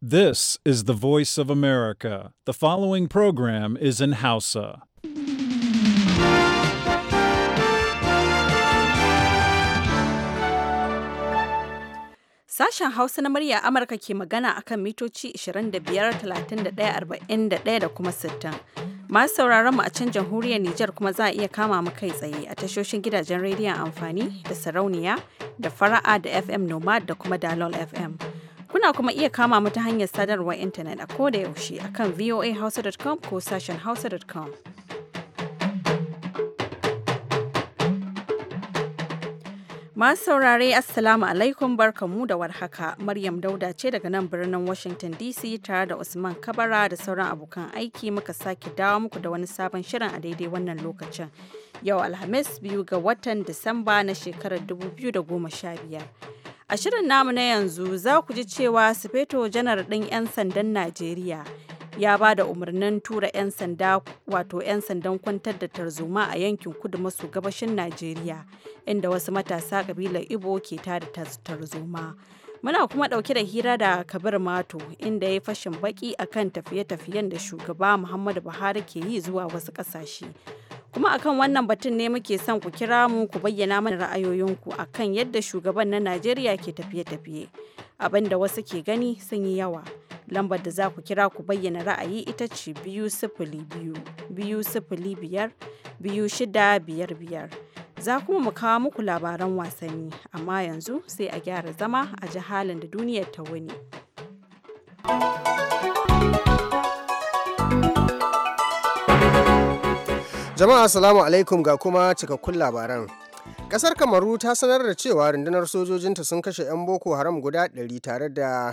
This is the voice of America. The following program is in Hausa. Sashen Hausa na murya Amurka ke magana akan mitoci 25, 31, da kuma 60. Masu sauraron mu a can jamhuriyar Nijar kuma za a iya kama mu kai tsaye a tashoshin gidajen rediyon amfani da sarauniya da fara'a da FM Nomad da kuma Dalol FM. Kuna kuma iya kama mu ta hanyar sadarwar intanet a koda yaushe akan voahausa.com ko sashen hausa.com. Masu saurare Assalamu alaikum barkamu da warhaka. Maryam Dauda ce daga nan birnin Washington DC tare da Usman Kabara da sauran abokan aiki muka sake dawo muku da wani sabon shirin a daidai wannan lokacin. Yau Alhamis biyu ga watan Disamba na shekarar 2015. A shirin namu na yanzu za ku ji cewa Sufeto janar ɗin 'yan sandan Najeriya ya ba da umarnin tura 'yan sanda wato 'yan sandan kwantar da tarzoma a yankin kudu maso gabashin Najeriya inda wasu matasa kabilar Ibo ke tada tarzoma. Muna kuma ɗauke da hira da Kabir Mato inda ya fashin baki akan tafiye-tafiyen da shugaba Muhammadu Buhari ke yi zuwa wasu ƙasashe. kuma akan wannan batun ne muke son ku kira mu ku bayyana mana ra'ayoyinku akan yadda shugaban na najeriya ke tafiye-tafiye abinda wasu ke gani sun yi yawa lambar da za ku kira ku bayyana ra'ayi ita ce biyu sifili biyu biyu sifili biyar biyu shida biyar biyar za kuma mu kawo muku labaran wasanni amma yanzu sai a gyara zama a ji halin da duniyar ta wuni. Jama'a salamu alaikum ga kuma cikakkun labaran. kasar kamaru ta sanar da cewa rundunar sojojinta sun kashe 'yan boko haram guda 100 tare da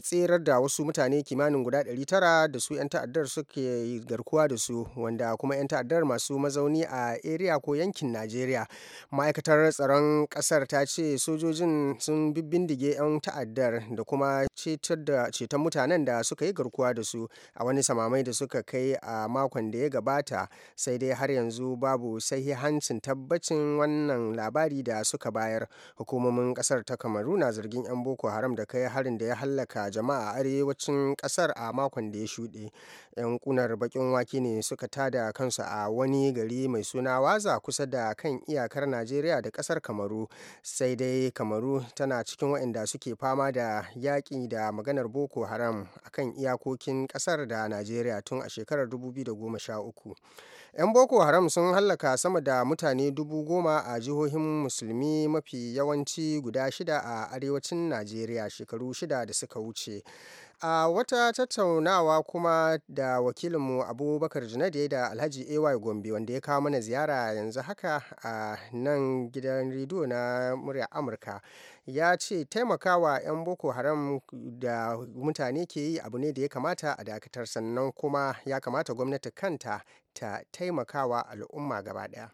tserar da wasu mutane kimanin guda 900 da su 'yan ta'addar suke garkuwa da su wanda kuma 'yan ta'addar masu mazauni a area ko yankin najeriya ma'aikatar tsaron kasar ta ce sojojin sun bibbindige 'yan ta'addar da kuma ceton mutanen da suka yi garkuwa da su a wani samamai da suka kai a makon da ya gabata sai dai har yanzu babu sahihancin tabbacin wannan wannan labari da suka bayar hukumomin kasar ta kamaru na zargin 'yan boko haram da kai harin da ya hallaka jama'a a arewacin kasar a makon da ya shuɗe 'yan kunar bakin wake ne suka tada kansu a wani gari mai suna waza kusa da kan iyakar najeriya da kasar kamaru sai dai kamaru tana cikin waɗanda suke fama da yaƙi da maganar boko haram akan iyakokin kasar da najeriya tun a shekarar 2013 'yan boko haram sun hallaka sama da mutane dubu goma a jihohin musulmi mafi yawanci guda shida a arewacin najeriya shekaru shida da suka wuce a wata tattaunawa kuma da wakilinmu abubakar janade da alhaji ay gombe wanda ya kawo mana ziyara yanzu haka a nan gidan rediyo na murya amurka ya ce taimakawa 'yan boko haram da mutane ke yi abu ne da ya kamata a dakatar sannan kuma ya kamata gwamnati kanta ta taimakawa al'umma gaba daya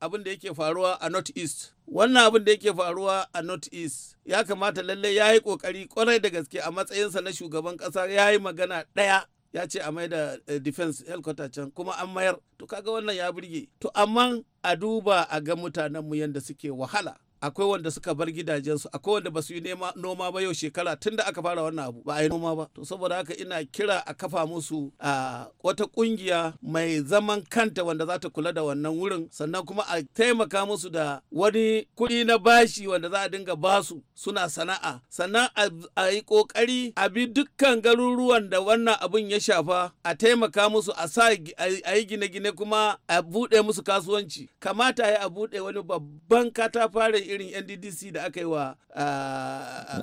abin da yake faruwa a north east wannan abin da yake faruwa a north east ya kamata lallai ya yi kokari kwarai da gaske a matsayinsa na shugaban kasa ya yi magana ɗaya ya ce a maida eh, defense headquarter can kuma an mayar to kaga wannan ya burge to amma a duba a ga mutanenmu yadda suke wahala akwai wanda suka bar gidajensu akwai wanda ba su yi noma ba yau shekara tun da aka fara wannan abu ba a yi noma ba to saboda haka ina kira a kafa musu a wata kungiya mai zaman kanta wanda za ta kula da wannan wurin sannan kuma a taimaka musu da wani kuɗi na bashi wanda za a dinga basu suna sana'a sannan a yi kokari a bi dukkan garuruwan da wannan abun ya shafa a taimaka musu a sa a yi gine-gine kuma a buɗe musu kasuwanci kamata a yi a buɗe wani babban katafare. irin nddc da aka yi wa ah,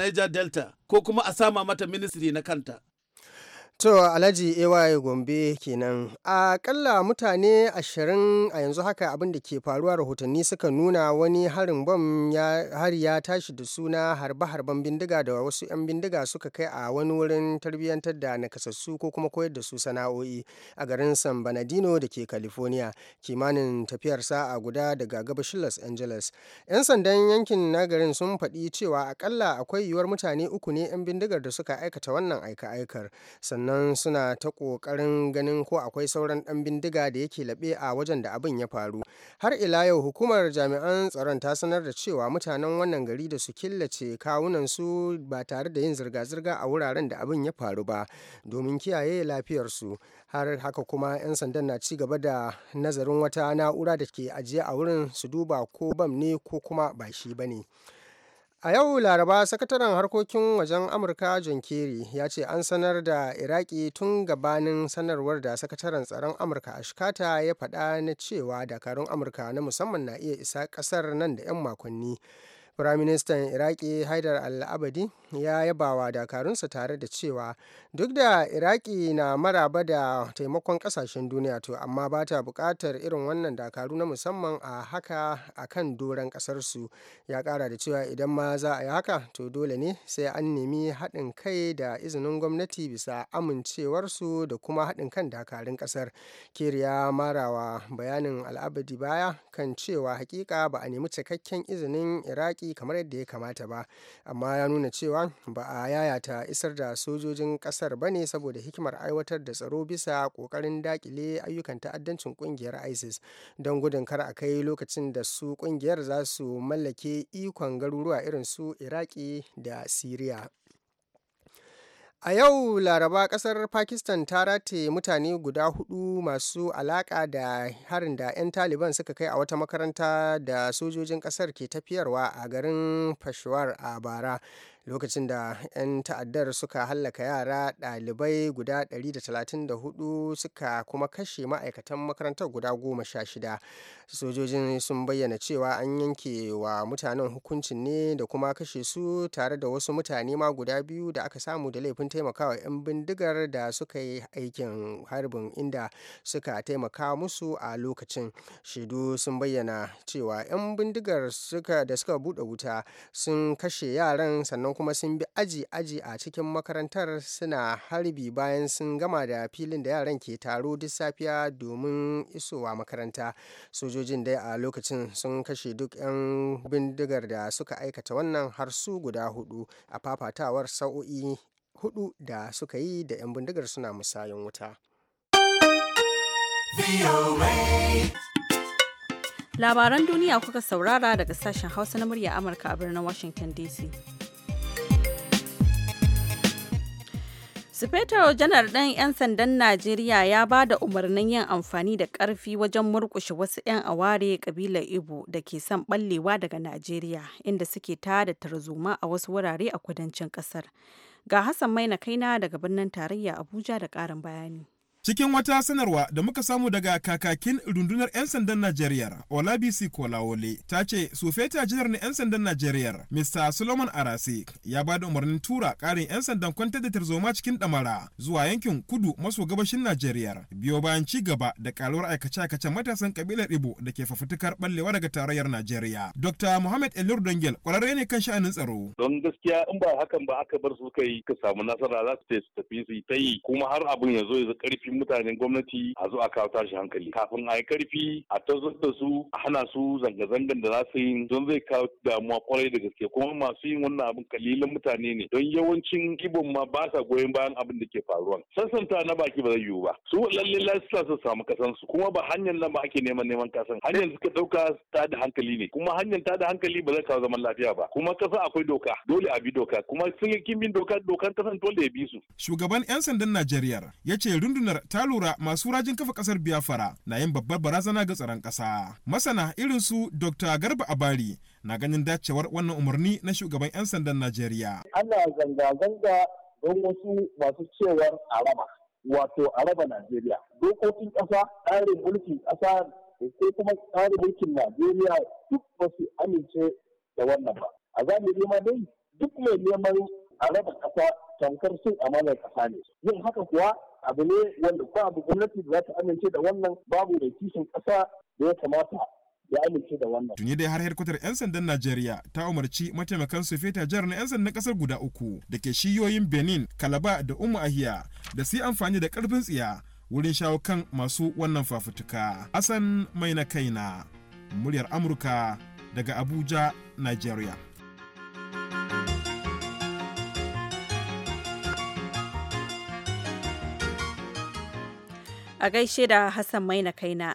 niger delta ko kuma a sama mata ministry na kanta To Alhaji AY Gombe kenan akalla mutane ashirin a yanzu haka abin da ke faruwa rahotanni suka nuna wani harin bom ya har ya tashi da suna harba-harban bindiga da wasu 'yan bindiga suka kai a wani wurin tarbiyyantar da nakasassu ko kuma koyar da su sana'o'i a garin San Bernardino da ke California kimanin tafiyar sa'a guda daga gabashin Los Angeles. 'Yan sandan yankin na garin sun faɗi cewa akalla akwai yiwuwar mutane uku ne 'yan bindigar da suka aikata wannan aika-aikar sannan sannan suna ta ƙoƙarin ganin ko akwai sauran ɗan bindiga da yake laɓe a wajen da abin ya faru har ila yau hukumar jami'an tsaron ta sanar da cewa mutanen wannan gari da su killace kawunan su ba tare da yin zirga-zirga a wuraren da abin ya faru ba domin kiyaye lafiyarsu har haka kuma 'yan sandan na ci gaba da nazarin wata na'ura da ke ajiye a wurin su duba ko bam ne ko kuma ba shi ba ne. A yau Laraba sakataren harkokin wajen Amurka John Kerry ya ce an sanar da Iraki tun gabanin sanarwar da sakataren tsaron Amurka a shikata ya faɗa na cewa dakarun Amurka na musamman na iya isa ƙasar nan da 'yan makonni. Firaministan Iraki Haidar al-Abadi ya yabawa dakarunsa tare da cewa duk da Iraki na maraba da taimakon kasashen duniya to amma ba ta bukatar irin wannan dakaru na musamman a haka a kan doron ƙasarsu. Ya kara da cewa idan ma za a yi haka to dole ne sai an nemi haɗin kai da izinin gwamnati bisa amincewarsu da kuma haɗin kan dakarun ƙasar. kiriya marawa bayanin al'abadi baya kan cewa hakika ba a nemi cikakken izinin Iraki kamar yadda ya kamata ba amma ya nuna cewa ba a yayata isar da sojojin kasar ba ne saboda hikimar aiwatar da tsaro bisa kokarin daƙile ayyukan ta'addancin kungiyar isis don gudun kar a kai lokacin da su kungiyar za su mallake ikon garuruwa irin su iraki da siriya A yau Laraba kasar Pakistan ta rataye mutane guda hudu masu alaka da harin da 'yan Taliban suka kai a wata makaranta da sojojin kasar ke tafiyarwa a garin Peshawar a bara. lokacin da 'yan ta'addar suka hallaka yara ɗalibai guda 134 suka kuma kashe ma'aikatan makarantar guda goma sha shida sojojin sun bayyana cewa an yanke wa mutanen hukuncin ne da kuma kashe su tare da wasu mutane ma guda biyu da aka samu da laifin taimakawa 'yan bindigar da suka yi aikin harbin inda suka taimaka musu a lokacin shaidu sun bayyana cewa 'yan bindigar da suka buɗe wuta sun kashe yaran sannan kuma sun bi aji-aji a cikin makarantar suna harbi bayan sun gama da filin da yaran ke taro duk safiya domin isowa makaranta sojojin dai a lokacin sun kashe duk 'yan bindigar da suka aikata wannan har su guda hudu a fafatawar sa'o'i hudu da suka yi da 'yan bindigar suna musayin wuta. Labaran duniya kuka saurara daga sashen Hausa na murya Amurka a birnin Washington DC. Sufeto janar ɗan 'yan sandan Najeriya ya ba da umarnin yin amfani da ƙarfi wajen murƙushe wasu 'yan aware ƙabilar Ibo da ke son ɓallewa daga Najeriya inda suke tada tarzoma a wasu wurare a kudancin ƙasar. Ga Hassan Maina Kaina daga birnin tarayya Abuja da ƙarin bayani. Cikin wata sanarwa da muka samu daga kakakin rundunar 'yan sandan Najeriya, Olabisi Kolawole, ta ce Sufeta janar na 'yan sandan Najeriya, Mr. Solomon Arase, ya ba da umarnin tura ƙarin 'yan sandan kwantar da tarzoma cikin ɗamara zuwa yankin kudu maso gabashin Najeriya. Biyo bayan ci gaba da ƙaruwar aikace-aikacen matasan kabilar Ibo da ke fafutukar ɓallewa daga tarayyar Najeriya. Dr. Muhammad Elur Dangel, ƙwararre ne kan sha'anin tsaro. Don gaskiya in ba hakan ba aka bar su kai ka samu nasara za su tafi su yi ta yi kuma har abin ya zo ya ƙarfi mutanen gwamnati a zo a kawo tashi hankali kafin a yi karfi a tazar da su a hana su zanga-zangan da za su yi don zai kawo damuwa kwarai da gaske kuma masu yin wannan abin kalilan mutane ne don yawancin gibon ma ba sa goyon bayan abin da ke faruwa sassanta na baki ba zai yiwu ba su lalle lalle su samu kasan su kuma ba hanyar nan ba ake neman neman kasan hanyar suka dauka ta da hankali ne kuma hanyar ta da hankali ba zai kawo zaman lafiya ba kuma kasa akwai doka dole a bi doka kuma sun yi kimbin doka dokan kasan dole ya bi su shugaban yan sandan Najeriya ya ce rundunar ta lura masu rajin kafa kasar Biafra na yin babbar barazana ga tsaron kasa Masana irin su Dr. Garba Abari na ganin dacewar wannan umarni na shugaban 'yan sandan Najeriya. Ana zanga-zanga don wasu masu cewar araba, wato araba Najeriya. Dokokin kasa tsarin mulkin ƙasa, ko kuma tsarin mulkin Najeriya duk ba su amince da wannan ba. A zamani ma dai duk mai neman a kasa ƙasa tamkar sun amanar kasa ne. Yin haka kuwa abu ne wanda ko abu gwamnati da za ta amince da wannan babu mai kishin ƙasa da ya kamata ya amince da wannan. Tuni dai har hedkwatar 'yan sandan Najeriya ta umarci mataimakan su feta jihar na 'yan sandan kasar guda uku da ke shiyoyin Benin, Kalaba da Umu Ahiya da su yi amfani da karfin tsiya wurin shawo kan masu wannan fafutuka. Hassan mai na kaina, muryar Amurka daga Abuja, Najeriya. a gaishe da Hassan Maina Kaina.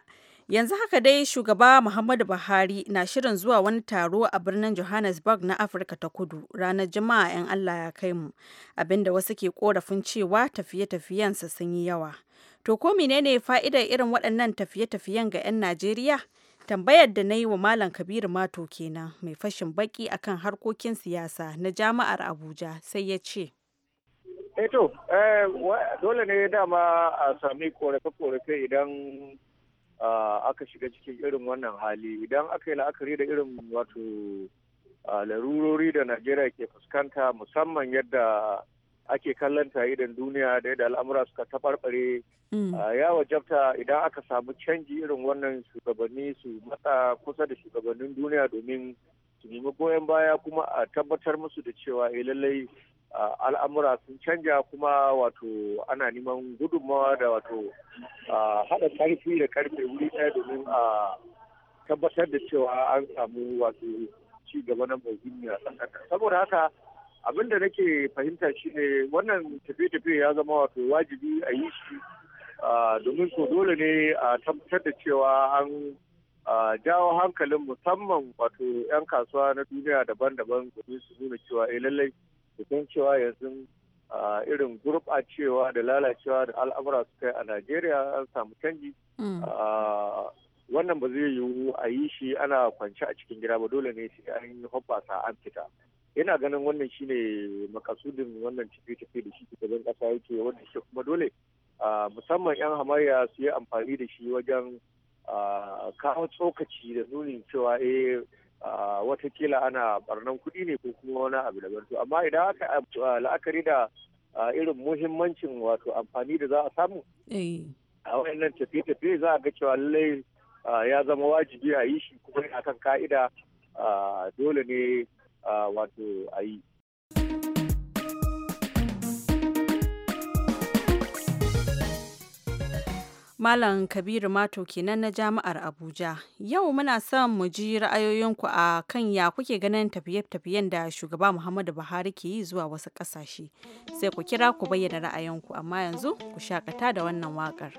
Yanzu haka dai shugaba Muhammadu Buhari na shirin zuwa wani taro a birnin Johannesburg na Afirka ta Kudu ranar Juma'a 'yan Allah ya kai mu, abinda wasu ke korafin cewa tafiye-tafiyensa sun yi yawa. To ko menene fa'idar irin waɗannan tafiye-tafiyen ga 'yan Najeriya? Tambayar da na yi wa Malam Kabiru Mato kenan mai fashin baki akan harkokin siyasa na Jami'ar Abuja sai ya ce. Eh to, eh, dole ne dama a sami korafe-korafe idan aka shiga cikin irin wannan hali idan aka yi la'akari da irin wato larurori da Najeriya ke fuskanta musamman yadda ake kallon idan duniya da yadda al'amura suka taɓarɓare hmm. ya wajabta idan aka samu canji irin wannan shugabanni su matsa kusa da shugabannin duniya domin su nemi goyon baya kuma a tabbatar musu da cewa eh, lallai al'amura sun canja kuma wato ana neman gudunmawa da wato haɗa karfi da karfe wuri daya domin a tabbatar da cewa an samu wato ci gaba na a tsakanta saboda haka abinda da nake fahimta shine wannan tafiye-tafiye ya zama wato wajibi a yi shi domin so dole ne a tabbatar da cewa an jawo hankalin musamman wato 'yan kasuwa na duniya daban-daban domin su nuna cewa eh lallai san cewa yanzu irin gurɓacewa da lalacewa da al'amura su kai a najeriya an samu canji mm. wannan ba zai yiwu a yi shi ana kwance a cikin gida ba dole ne sai an yi hoɓɓasa an fita yana ganin wannan shine makasudin wannan tafiye-tafiye da shi gaban ƙasa yake wanda shi kuma dole musamman 'yan hamayya su yi amfani da shi wajen kawo tsokaci da nunin cewa eh watakila ana barnan kuɗi ne ko kuma wani abu daban to amma idan aka la'akari da irin muhimmancin wato amfani da za a samu eh. a wayannan tafiye-tafiye za a ga cewa lallai ya zama wajibi a yi shi kuma akan ka'ida dole ne wato a yi Malam Kabiru Mato kenan na Jami'ar Abuja. Yau muna son mu ji ra'ayoyinku a kan ya kuke ganin tafiye-tafiyen da shugaba Muhammadu Buhari ke yi zuwa wasu ƙasashe. Sai ku kira ku bayyana ra'ayinku, amma yanzu ku shakata da wannan waƙar.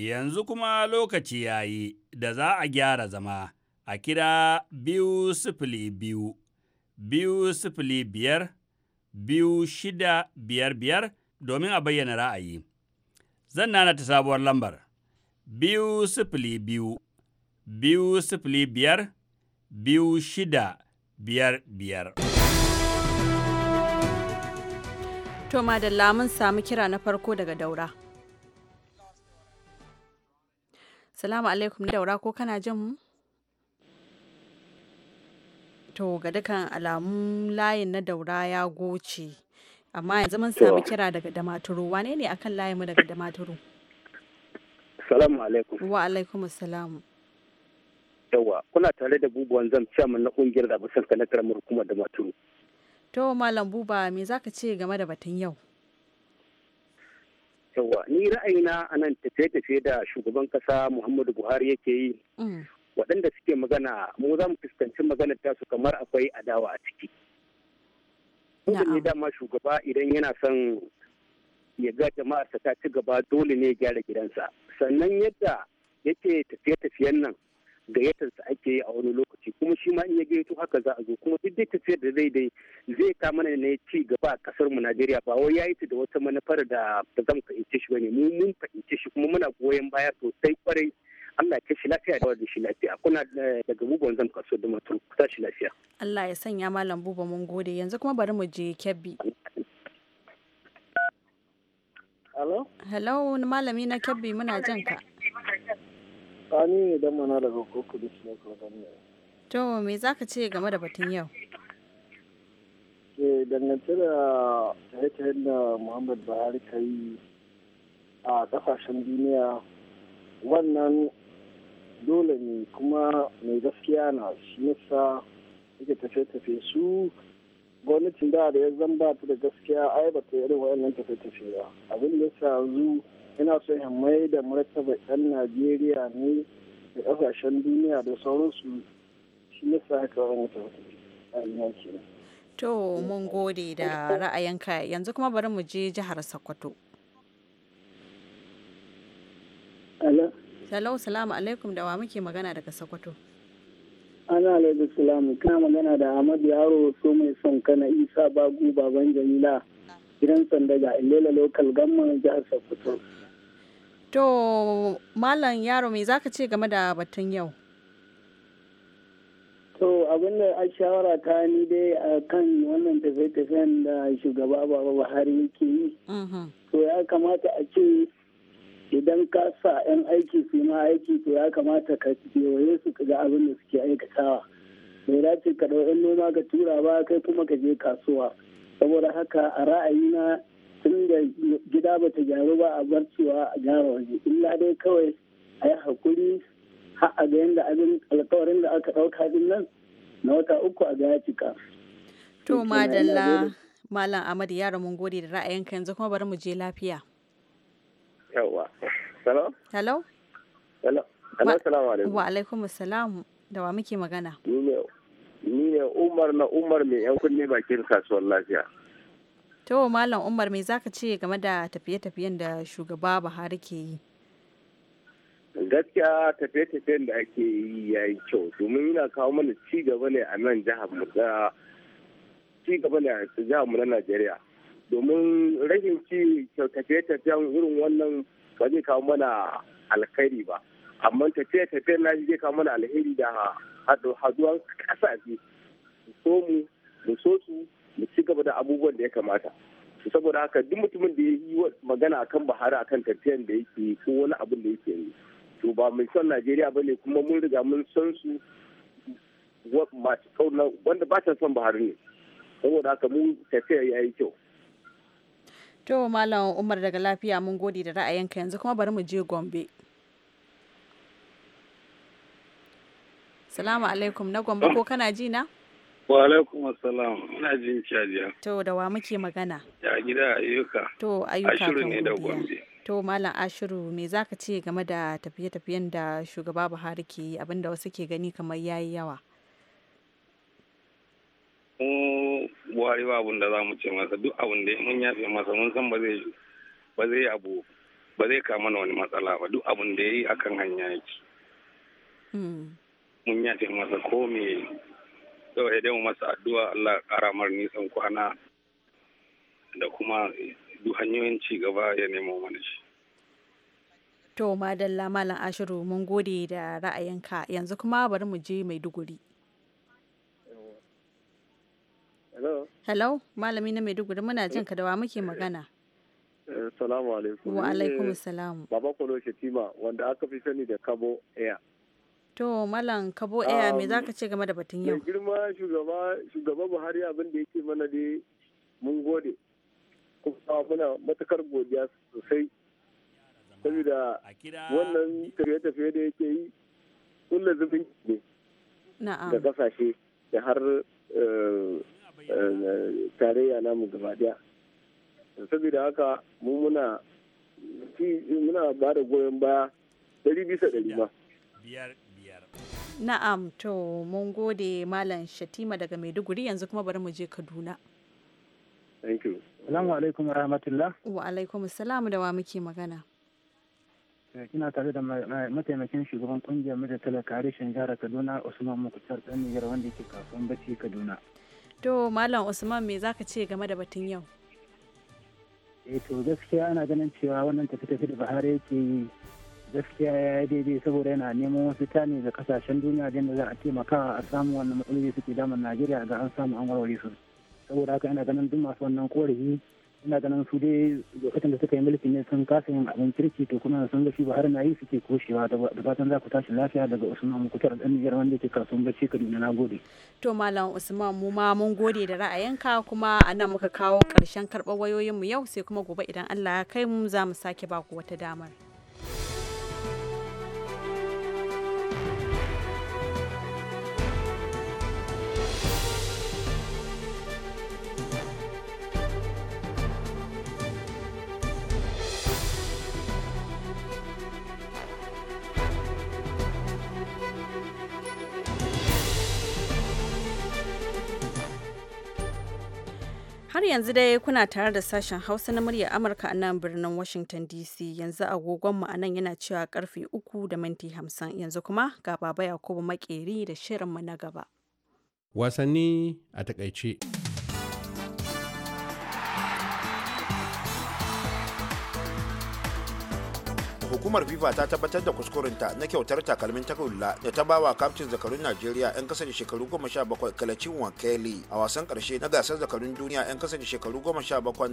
Yanzu kuma lokaci ya yi da za a gyara zama a kira biyu sifili biyu, biyu sifili biyar, biyu shida biyar biyar domin a bayyana ra'ayi. Zan nana ta sabuwar lambar biyu sifili biyu, biyu sifili biyar, biyu shida biyar biyar. To da lamun sami kira na farko daga daura. Salamu alaikum na daura ko kana jin mu? To ga dukan alamun layin na daura ya goce. Amma yanzu mun sami kira daga Damaturu. Wane ne akan layin mu daga Damaturu? Salamu alaikum. Wa alaikum salamu. Yawa, kuna tare da bubuwan zam mun na kungiyar da abusan na karamar hukumar Damaturu. To Malam Buba, me zaka ce game da batun yau? yawa ni ra'ayina a nan tafiye-tafiye da shugaban kasa muhammadu buhari yake yi mm. waɗanda suke magana mu za mu fuskanci maganar tasu kamar akwai adawa a ciki ne dama shugaba idan yana son ya ga jama'arsa ta ci gaba dole ne gyara gidansa sannan yadda yake tafiye-tafiyen nan gayyatar sa ake yi a wani lokaci kuma shi ma in ya gayyato haka za a zo kuma duk dai tafiyar da zai dai zai ta mana ne ci gaba a kasar mu Najeriya ba wai yayi ta da wata manufar da ba zan fahimce shi bane mu mun fahimce shi kuma muna goyon baya sosai kwarai Allah ya shi lafiya da shi lafiya kuna eh, daga bubon zan kaso da mutum ku shi lafiya Allah ya sanya malam buba mun gode yanzu kuma bari mu je Kebbi Hello? Hello, malami na Kebbi muna jan ka. Sani ne don mana daga Kokudus Local Government. To me za ka ce game da batun yau? Ke eh, dangance da tafiye da Muhammad Buhari ka yi a kasashen duniya wannan dole ne kuma mai gaskiya na shi nisa yake tafe-tafe su gwamnatin da da ya zamba ta da gaskiya ai ba ta yi irin wa'annan tafe-tafe ba abin da ya sa yanzu ina son in mai da martaba 'yan najeriya ne da ƙasashen duniya da sauransu shi sa haka wani tafi to mun gode da ra'ayinka yanzu kuma bari mu je jihar sokoto Salau salamu alaikum da wa muke magana daga Sokoto. Ana alaikum salamu kana magana da Ahmad Yaro so mai son kana Isa Bagu Baban Jamila gidan sanda ga Ilela Local Gamman jihar Sokoto. To, Malam Yaro, me zaka ce game da batun yau? To, abin da a shawara ta ni dai a kan wannan tafiye-tafiyen da shugaba Baba Buhari yake yi. Mm-hmm. To, ya kamata a ce idan ka sa 'yan aiki su ma aiki to ya kamata ka kewaye su ga abin da suke aikatawa. Bai dace ka ɗau'in noma ka tura ba kai kuma ka je kasuwa. Saboda haka a ra'ayina tun da gida ba ta gyaru ba a bar cewa a gyara waje illa dai kawai a yi hakuri a ga yadda abin alkawarin da aka ɗauka din nan na wata uku a gaya cika. to madalla malam ahmad ya mun gode da ra'ayinka yanzu kuma bari mu je lafiya. yawa hello hello hello assalamu alaikum wa alaikum assalam da wa muke magana ni ne umar na umar mai yan kunne bakin kasuwar lafiya ta wa Malam Umar me zaka ce game da tafiye-tafiyen da shugaba Buhari ke yi? Gaskiya tafiye-tafiyen da ake yi ya yi kyau domin yana kawo mana ci ne a nan jihar mu ne a jihar na Najeriya. Domin rashin ci tafiye-tafiyen irin wannan ba zai kawo mana alkhairi ba. Amma tafiye-tafiyen na zai kawo mana alheri da haduwan ƙasashe. So mu, mu so su, mu ci gaba da abubuwan da ya kamata saboda haka duk mutumin da ya yi magana akan bahari akan tafiyan da yake ko wani abun da yake yi to ba mai son najeriya ba ne kuma mun riga mun san su wanda ba ta son bahari ne saboda haka mun tafiya ya yi kyau to malam umar daga lafiya mun gode da ra'ayinka yanzu kuma bari mu je gombe salamu alaikum na gombe ko kana ji na Wa alaikum assalam, ina jin cajiya. To da wa muke magana? Ya gida ayyuka. To ayyuka Ashiru ne da Gombe. To Malam Ashiru me zaka ce game da tafiye-tafiyen da shugaba Buhari ke yi abinda wasu ke gani kamar yayi yawa? Mu Buhari ba abin da za mu ce masa duk abin da mun yafe masa mun san ba zai ba zai abu ba zai kama wani matsala ba duk abin da yayi akan hanya yake. Hmm. Mun yafe masa ko me to da mu masa addu'a Allah ƙara nisan kwana da kuma duk hanyoyin ci gaba ya nemo mana shi to madalla malam ashiru mun gode da ra'ayinka yanzu kuma bari mu je maiduguri hello hello malami na duguri muna jin ka da wa muke magana eh, salamu alaikum wa alaikum salam baba kolo shetima wanda aka fi sani da kabo air To Malam Kabo Eya eh, ah, me za ka ce game da batun yau? girma shugaba shugaba Buhari abin da yake mana dai mun gode. Kuma muna matakar godiya sosai. Saboda wannan tafiye-tafiye da yake yi kulla zubin ne. Da kasashe da har eh, eh, tarayya namu gaba daya. Saboda haka mu muna muna ba da goyon baya ɗari bisa ɗari ma. Na'am to mun gode Malam Shatima daga Maiduguri yanzu kuma bari mu je Kaduna. Thank you. Assalamu alaikum wa rahmatullah. Wa alaikum salam da wa muke magana. Eh, kina tare da mataimakin shugaban kungiyar mata talaka harshen jihar Kaduna Usman Mukhtar dan Niger wanda yake kasuwan bacci Kaduna. To Malam Usman me zaka ce game da batun yau? Eh to gaskiya ana ganin cewa wannan tafi-tafi da Bahare yake yi gaskiya ya yi daidai saboda yana neman wasu tani da kasashen duniya da za a taimaka a samu wannan matsaloli suke damar najeriya ga an samu an warware su saboda haka ina ganin duk masu wannan korafi ina ganin su dai lokacin da suka yi mulki ne sun kasa yin abin kirki to kuma sun shi ba har na yi suke koshewa da fatan za ku tashi lafiya daga usman mukutar dan niyyar wanda yake kasuwan bacci kaduna na gode to malam usman mu ma mun gode da ra'ayinka kuma a nan muka kawo karshen karɓar wayoyinmu yau sai kuma gobe idan allah ya kai mu za mu sake ba ku wata damar. yanzu dai kuna tare da sashen Hausa na murya Amurka a nan birnin Washington DC yanzu agogonmu a nan yana cewa karfe uku da minti hamsin yanzu kuma ga Baba Yakubu Makeri da shirinmu na gaba. Wasanni a takaice. hukumar fifa ta tabbatar da kuskurinta na kyautar takalmin takulla da ta bawa kaftin zakarun najeriya 'yan kasa da shekaru 17 kalacin wankeli a wasan karshe na gasar zakarun duniya 'yan kasa da shekaru 17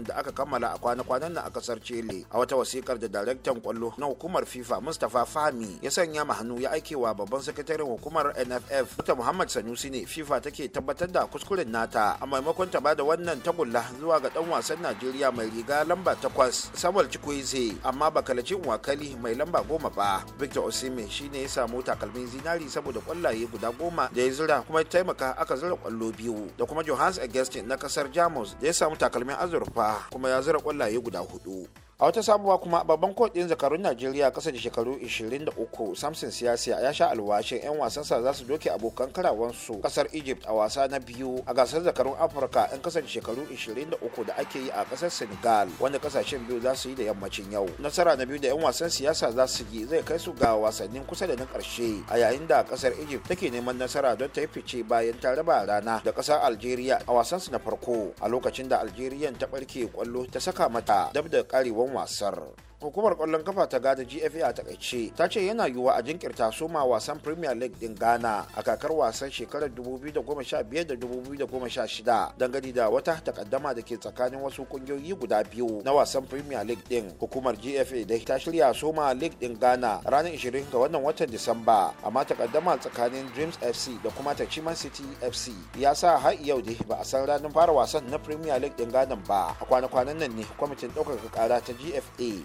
da aka kammala a kwana-kwanan nan a kasar chile a wata wasikar da daraktan kwallo na hukumar fifa mustapha fahmi ya sanya ma hannu ya wa babban sakataren hukumar nff wata muhammad sanusi ne fifa take tabbatar da kuskuren nata a maimakon ta bada wannan tagulla zuwa ga dan wasan najeriya mai riga lamba takwas samuel chukwueze amma bakalaci wakali mai lamba goma ba victor osimhen shine ya samu takalmin zinari saboda kwallaye guda goma da ya zira kuma ya taimaka aka zira kwallo biyu da kuma johannes augustin na kasar jamus da ya samu takalmin azurfa kuma ya zira kwallaye guda hudu a wata sabuwa kuma babban kodin zakarun najeriya kasa da shekaru 23 samson siyasa ya sha alwashin 'yan wasansa za su doke abokan karawansu kasar egypt a wasa na biyu a gasar zakarun afirka 'yan kasa da shekaru 23 da ake yi a kasar senegal wanda kasashen biyu za su yi da yammacin yau nasara na biyu da 'yan wasan siyasa za su yi zai kai su ga wasannin kusa da na karshe a yayin da kasar egypt take neman nasara don ta yi fice bayan ta raba rana da kasar algeria a wasansu na farko a lokacin da algeria ta barke kwallo ta saka mata dab da karewa un wasar hukumar kwallon kafa ta gada gfa a takaice ta ce yana yiwuwa a jinkirta soma wasan premier league din ghana a kakar wasan shekarar 2015 da 2016 dangane da wata takaddama da ke tsakanin wasu kungiyoyi guda biyu na wasan premier league din hukumar gfa da ta shirya soma league din ghana ranar 20 ga wannan watan disamba amma takaddama tsakanin dreams fc da kuma tachiman city fc ya sa har yau da ba a san ranar fara wasan na premier league din ghana ba a kwana-kwanan nan ne kwamitin ɗaukaka kara ta gfa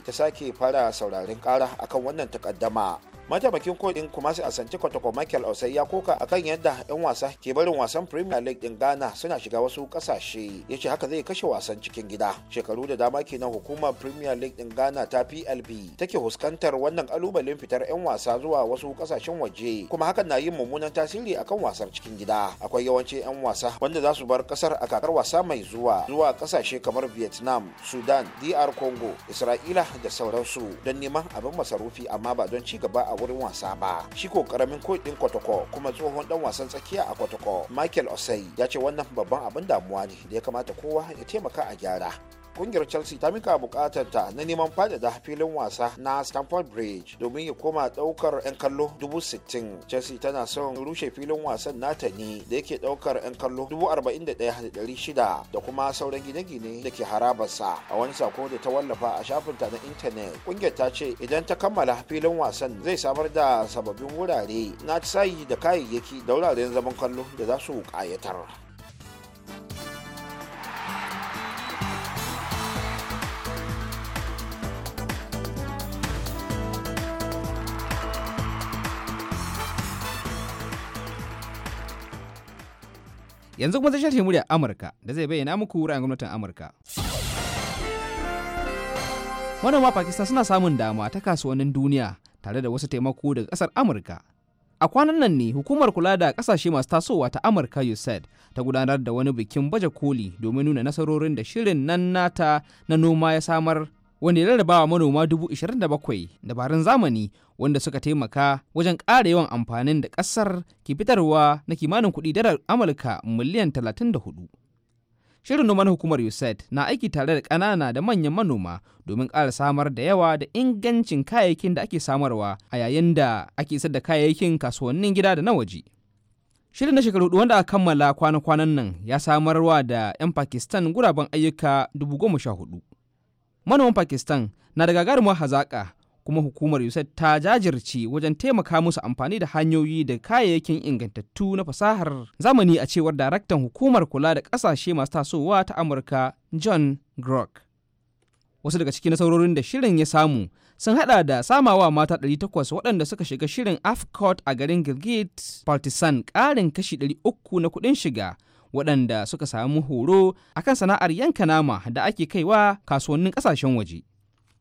ta sa ke fara saurarin kara akan wannan takaddama mataimakin kodin kuma a asanci kwatako michael osai ya koka akan yadda 'yan wasa ke barin wasan premier league din ghana suna shiga wasu kasashe ya ce haka zai kashe wasan cikin gida shekaru da dama kenan hukumar premier league din ghana ta plb take huskantar wannan kalubalen fitar 'yan wasa zuwa wasu kasashen waje kuma hakan na yin mummunan tasiri akan wasan cikin gida akwai yawanci 'yan wasa wanda za su bar kasar a kakar wasa mai zuwa zuwa kasashe kamar vietnam sudan dr congo isra'ila da sauransu don neman abin masarufi amma ba don ci gaba a wurin wasa ba shi ko karamin din kotoko kuma tsohon dan wasan tsakiya a kotoko michael osei ya ce wannan babban abin damuwa ne da ya kamata kowa ya taimaka a gyara kungiyar chelsea ta mika bukatar ta na neman fadada filin wasa na stamford bridge domin ya koma ɗaukar 'yan kallo 60,000 chelsea tana son rushe filin wasan nata ne da yake ɗaukar 'yan kallo 41,600 da kuma sauran gine-gine da ke harabarsa a wani sako da ta wallafa a shafinta na intanet kungiyar ta ce idan ta kammala filin wasan zai samar da sababbin wurare na sayi da kayayyaki da wuraren zaman kallo da za su kayatar. Yanzu kuma zai sharhin muryar Amurka da zai bayyana muku ra'ayin gwamnatin Amurka. Manoma Pakistan suna samun dama ta kasuwannin duniya tare da wasu taimako daga kasar Amurka. A kwanan nan ne hukumar kula da kasashe masu tasowa ta Amurka USAID ta gudanar da wani bikin baje koli domin nuna nasarorin da shirin nan nata na noma ya samar wanda ya wa manoma 27,000 dabarun zamani wanda suka taimaka wajen ƙara yawan amfanin da ƙasar ke fitarwa na kimanin kuɗi dalar Amurka miliyan talatin da hudu. Shirin noman hukumar USAID na aiki tare da ƙanana da manyan manoma domin ƙara samar da yawa da ingancin kayayyakin da ake samarwa a yayin da ake isar da kayayyakin kasuwannin gida da na waje. Shirin na shekaru wanda aka kammala kwana-kwanan nan ya samarwa da 'yan Pakistan guraben ayyuka hudu manoman pakistan na da gagarumar hazaƙa kuma hukumar usaid ta jajirce wajen taimaka musu amfani da hanyoyi da kayayyakin ingantattu na fasahar zamani a cewar daraktan hukumar kula da ƙasashe masu tasowa ta amurka john grok wasu daga cikin nasarorin da shirin ya samu sun hada da samawa mata 800 waɗanda suka shiga shirin afcot a garin gilgit partisan ƙarin kashi 300 na kuɗin shiga waɗanda suka samu horo akan sana'ar yanka nama da ake kaiwa kasuwannin ƙasashen waje.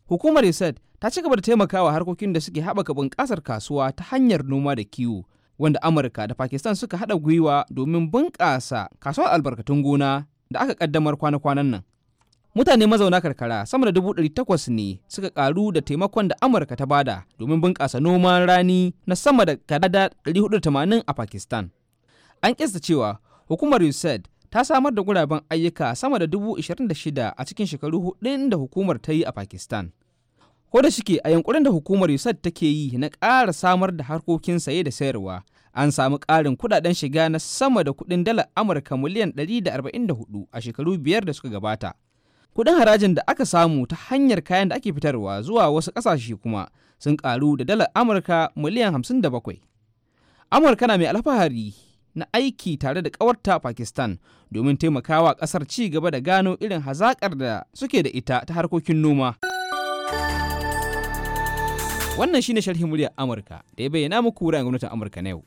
Hukumar USAID ta ci gaba da taimakawa harkokin da suke haɓaka bunƙasar kasuwa ta hanyar noma da kiwo, wanda Amurka da Pakistan suka haɗa gwiwa domin bunƙasa kasuwar albarkatun gona da aka ƙaddamar kwana-kwanan nan. Mutane mazauna karkara sama da dubu ɗari takwas ne suka ƙaru da taimakon da Amurka ta bada domin bunƙasa noman rani na sama da kadada 480 a Pakistan. An ƙista cewa Hukumar USAID ta samar da guraben ayyuka sama da dubu shida a cikin shekaru hudun da hukumar ta yi a Pakistan. Ko da shike a yankunan da hukumar USAID take yi na ƙara samar da harkokin saye da sayarwa, an samu ƙarin kuɗaɗen shiga na sama da kuɗin dalar Amurka miliyan 144 a shekaru biyar da suka gabata. Kuɗin harajin da aka samu ta hanyar kayan da ake fitarwa zuwa wasu ƙasashe kuma sun ƙaru da dalar Amurka miliyan 57. Amurka na mai alfahari na aiki tare da kawarta Pakistan domin taimakawa ƙasar ci gaba da gano irin hazaƙar da suke da ita ta harkokin noma. Wannan shine sharhin muryar Amurka da ya bayyana muku wuraren gwamnatin Amurka na yau.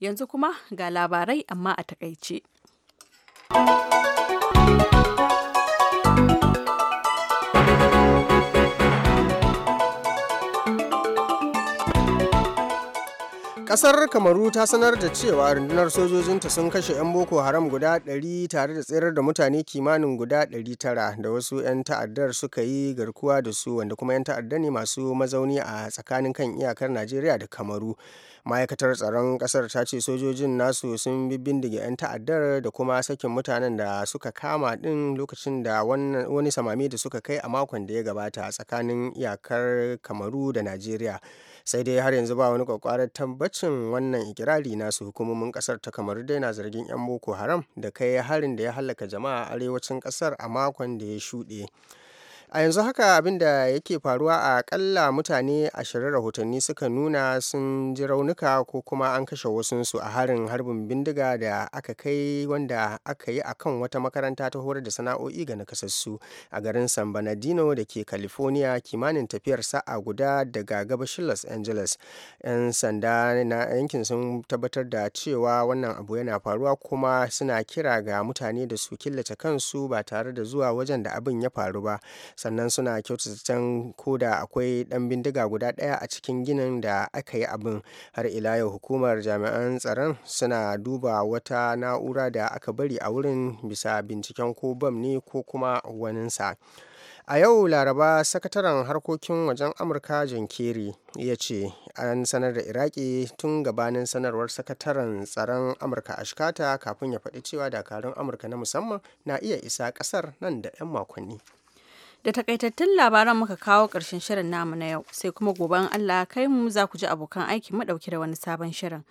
Yanzu kuma ga labarai amma a takaice. Kasar Kamaru ta sanar da cewa rundunar sojojinta sun kashe 'yan Boko Haram guda 100 tare da tsayar da mutane kimanin guda 900 da wasu 'yan ta'addar suka yi garkuwa da su wanda kuma 'yan ta'adda ne masu mazauni a tsakanin kan iyakar Najeriya da Kamaru. ma'aikatar tsaron kasar ta ce sojojin nasu sun bi bindige 'yan ta'addar da kuma sakin mutanen da suka kama din lokacin da wani samami da suka kai a makon da ya gabata tsakanin iyakar kamaru da najeriya sai dai har yanzu ba wani kwakwarar tabbacin wannan ikirari nasu hukumomin kasar ta kamaru dai na zargin 'yan boko haram da kai harin da ya hallaka jama'a arewacin kasar a makon da ya shuɗe. a yanzu haka abinda da yake faruwa a kalla mutane ashirin rahotanni suka nuna sun ji raunuka ko kuma an kashe wasunsu a harin harbin bindiga da aka kai wanda aka yi akan wata makaranta ta horar da sana'o'i ga nakasassu a garin san bernardino da ke california kimanin tafiyar sa'a guda daga gabashin los angeles 'yan sanda na yankin sun tabbatar da cewa wannan abu yana faruwa kuma suna kira ga mutane da su killace kansu ba tare da zuwa wajen da abin ya faru ba sannan suna kyautata can ko da akwai dan bindiga guda daya a cikin ginin da aka yi abin har ila yau hukumar jami'an tsaron suna duba wata na'ura da aka bari a wurin bisa binciken ko bam ne ko kuma waninsa a yau laraba sakataren harkokin wajen amurka john kerry ya ce an sanar da iraki tun gabanin sanarwar sakataren tsaron amurka a shikata kafin ya faɗi cewa dakarun amurka na musamman na iya isa ƙasar nan da 'yan makonni Da takaitattun labaran muka kawo ƙarshen shirin namu na yau, sai kuma gobe Allah kai mu za ku ji abokan aiki mu ɗauki da wani sabon shirin.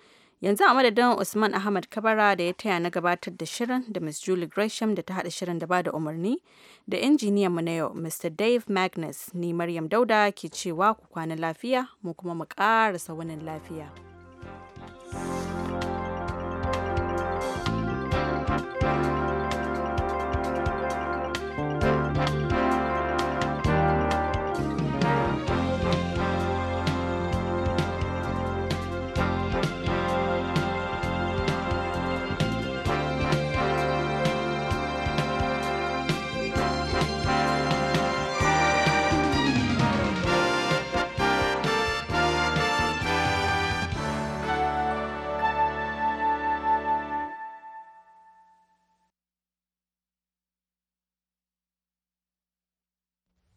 Yanzu a madadin Usman Ahmad Kabara da ya taya na gabatar da shirin da Miss Julie Gresham da ta haɗa shirin da ba da umarni da injiniyan mu na yau Mr. Dave Magnus ni Maryam Dauda ke cewa ku kwana lafiya mu kuma mu ƙara wani lafiya. thank